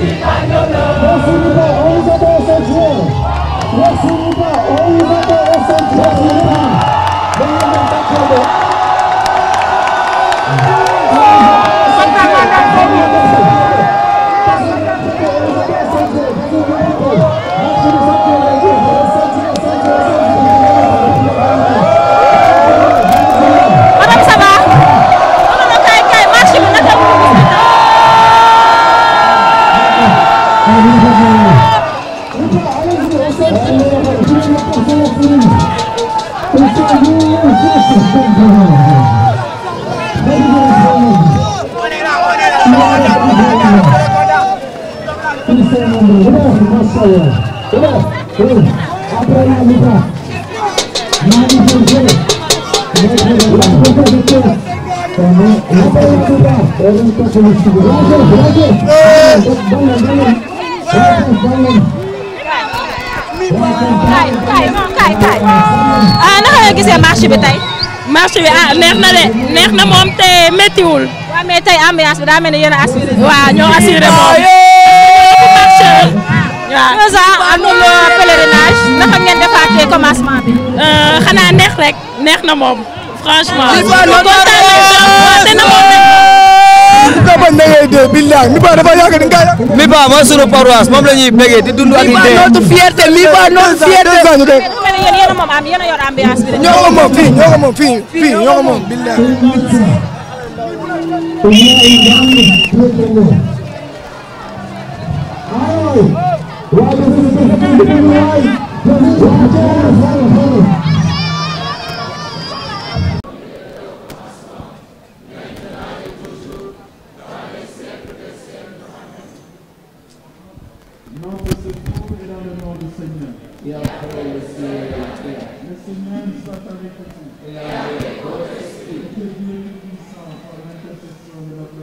I don't know. Mày, mày, mày, mày, mày, kaay kaay ah, marché bi tey. marché bi ah neex na de neex na moom te méttiwul. waaw mais tey ambiance bi daa mel ni yéen a ñoo assuré moom. waaw deux ans am na pèlerinage naka ngeen defaatee commencement euh, xanaa neex rek neex na moom franchement. kontaan nañ trop koñ da ngay dee billaay mi ba dafa yàgg di nga yàgg mi ba mooy sunu paroisse moom la ñuy bégee di dund ak di dee notre fierté mi ba notre fierté yéen a moom am yéen a yor ambiance bi ñoo ko moom fii ñoo ko moom fii fii ñoo ko moom billaay waaw Yahweh, Yahweh, Yahweh, Yahweh,